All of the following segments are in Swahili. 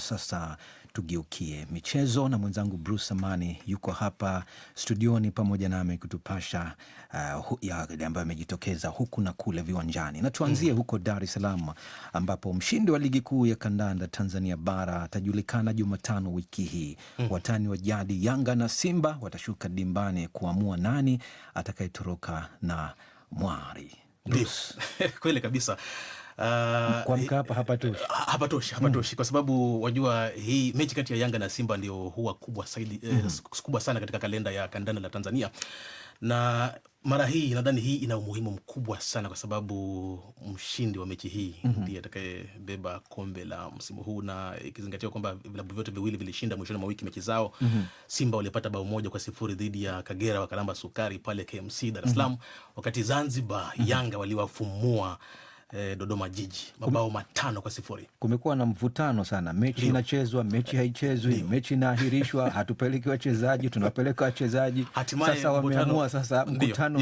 sasa tugeukie michezo na mwenzangu Bruce Amani yuko hapa studioni pamoja nami kutupasha uh, yale ambayo amejitokeza huku na kule viwanjani, na tuanzie mm, huko Dar es Salaam ambapo mshindi wa ligi kuu ya kandanda Tanzania bara atajulikana Jumatano wiki hii mm. Watani wa jadi Yanga na Simba watashuka dimbani kuamua nani atakayetoroka na mwari. Kweli kabisa. Uh, hapatoshi, hapatoshi, hapatoshi mm. Kwa sababu wajua hii mechi kati ya Yanga na Simba ndio huwa kubwa, saidi, mm. eh, mhm. kubwa sana katika kalenda ya kandanda la Tanzania na mara hii nadhani hii ina umuhimu mkubwa sana kwa sababu mshindi wa mechi hii mm -hmm. atakayebeba kombe la msimu huu, na ikizingatiwa kwamba vilabu vyote viwili vilishinda mwishoni mwa wiki mechi zao mm -hmm. Simba walipata bao moja kwa sifuri dhidi ya Kagera wakalamba sukari pale KMC Dar es mhm. Salaam mm -hmm. wakati Zanzibar mm -hmm. Yanga waliwafumua eh, Dodoma Jiji mabao matano kwa sifuri. Kumekuwa na mvutano sana, mechi inachezwa, mechi eh, haichezwi, mechi inaahirishwa, hatupeleki wachezaji, tunapeleka wachezaji. Hatimaye sasa wameamua sasa mkutano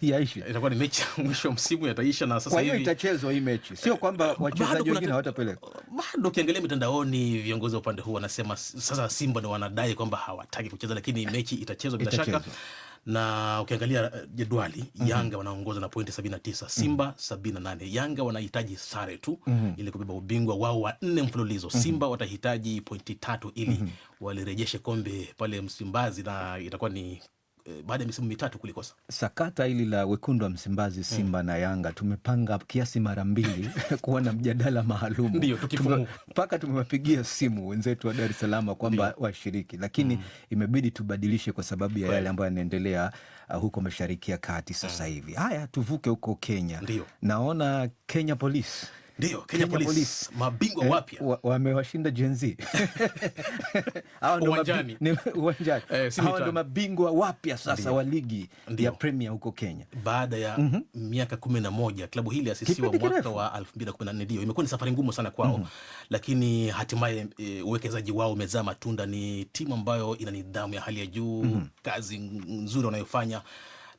yaishe, itakuwa ni mechi mwisho wa msimu yataisha, na sasa hivi itachezwa hii mechi, sio eh, kwamba wachezaji wengine hawatapelekwa. Bado ukiangalia mitandaoni, viongozi wa upande huu wanasema sasa Simba ni wanadai kwamba hawataki kucheza, lakini mechi itachezwa bila shaka na ukiangalia eh, jedwali mm -hmm. Yanga wanaongoza na pointi sabini na tisa mhm. Simba mm -hmm. sabini na nane Yanga wanahitaji sare tu mm -hmm. ili kubeba ubingwa wao wa nne mfululizo. Mhm. Simba watahitaji pointi tatu ili mm -hmm. walirejeshe kombe pale Msimbazi na itakuwa ni Eh, baada ya misimu mitatu kulikosa. Sakata hili la wekundu wa Msimbazi, Simba hmm. na Yanga tumepanga kiasi mara mbili kuwa na mjadala maalum mpaka tumewapigia simu wenzetu wa Dar es Salaam kwamba washiriki, lakini hmm. imebidi tubadilishe kwa sababu ya yale ambayo yanaendelea uh, huko Mashariki ya Kati sasa hmm. hivi. Haya, tuvuke huko Kenya. Ndiyo. naona Kenya polisi ndio, Kenya, Kenya Police mabingwa eh, wapya wamewashinda Gen Z uwanjani, eh, hawa ndo mabingwa wapya sasa wa ligi ya Premier huko Kenya baada ya mm -hmm. miaka kumi na moja klabu hili asisiwa mwaka wa 2014 ndio imekuwa ni safari ngumu sana kwao mm -hmm. lakini hatimaye eh, uwekezaji wao umezaa matunda. Ni timu ambayo ina nidhamu ya hali ya juu mm -hmm. kazi nzuri wanayofanya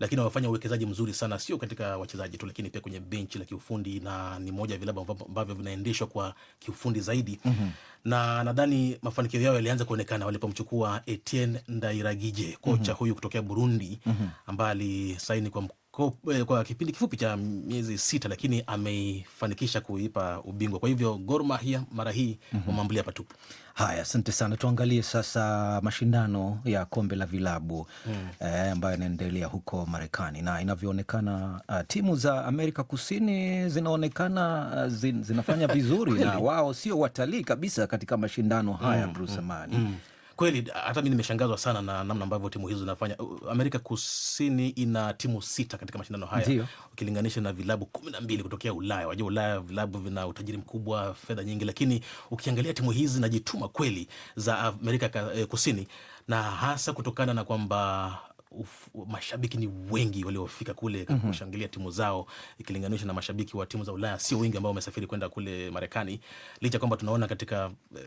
lakini wamefanya uwekezaji mzuri sana, sio katika wachezaji tu, lakini pia kwenye benchi la kiufundi, na ni moja ya vilabu ambavyo vinaendeshwa kwa kiufundi zaidi mm -hmm. na nadhani mafanikio yao yalianza kuonekana walipomchukua Etienne Ndairagije kocha mm -hmm. huyu kutokea Burundi mm -hmm. ambaye alisaini kwa Eh, kwa, kipindi kifupi cha miezi sita, lakini ameifanikisha kuipa ubingwa. Kwa hivyo Gor Mahia mara hii mhm. wamambulia mm -hmm. patupu. Haya, asante sana. Tuangalie sasa mashindano ya kombe la vilabu mm. eh, ambayo yanaendelea huko Marekani na inavyoonekana, uh, timu za Amerika Kusini zinaonekana uh, zin, zinafanya vizuri na wao sio watalii kabisa katika mashindano haya mm, Bruce hmm, Amani mm, mm. Kweli hata mi nimeshangazwa sana na namna ambavyo timu hizo zinafanya. Amerika Kusini ina timu sita katika mashindano haya, ukilinganisha na vilabu kumi na mbili kutokea Ulaya. Wajua Ulaya vilabu vina utajiri mkubwa, fedha nyingi, lakini ukiangalia timu hizi zinajituma kweli za Amerika eh, Kusini, na hasa kutokana na kwamba uf, mashabiki ni wengi waliofika kule mm -hmm. kushangilia timu zao ikilinganishwa na mashabiki wa timu za Ulaya sio wengi ambao wamesafiri kwenda kule Marekani, licha kwamba tunaona katika e,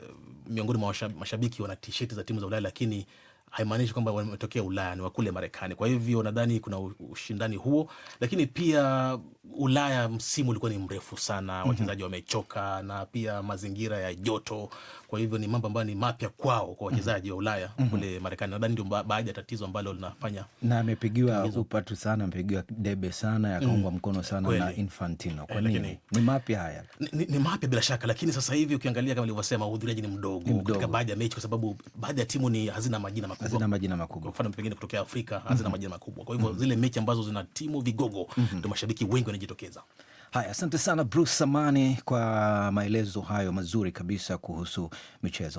miongoni mwa mashabiki wana tisheti za timu za Ulaya, lakini haimaanishi kwamba wametokea Ulaya, ni wa kule Marekani. Kwa hivyo nadhani kuna ushindani huo, lakini pia Ulaya msimu ulikuwa ni mrefu sana mhm. Wachezaji wamechoka na pia mazingira ya joto, kwa hivyo ni mambo ambayo ni mapya kwao kwa mhm. wachezaji wa Ulaya mhm. kule Marekani nadhani ndio baadhi ya tatizo ambalo linafanya, na amepigiwa upatu sana, amepigiwa debe sana, yakaungwa mm. mkono sana na Infantino. Kwa eh, nini? ni mapya haya ni, mapya bila shaka, lakini sasa hivi ukiangalia kama nilivyosema uhudhuriaji ni mdogo, katika baadhi ya mechi kwa sababu baadhi ya timu ni hazina majina makubwa, hazina majina makubwa, mfano pengine kutokea Afrika hazina majina makubwa, kwa hivyo zile mechi ambazo zina timu vigogo ndio mashabiki wengi yanajitokeza. Haya, asante sana Bruce Samani kwa maelezo hayo mazuri kabisa kuhusu michezo.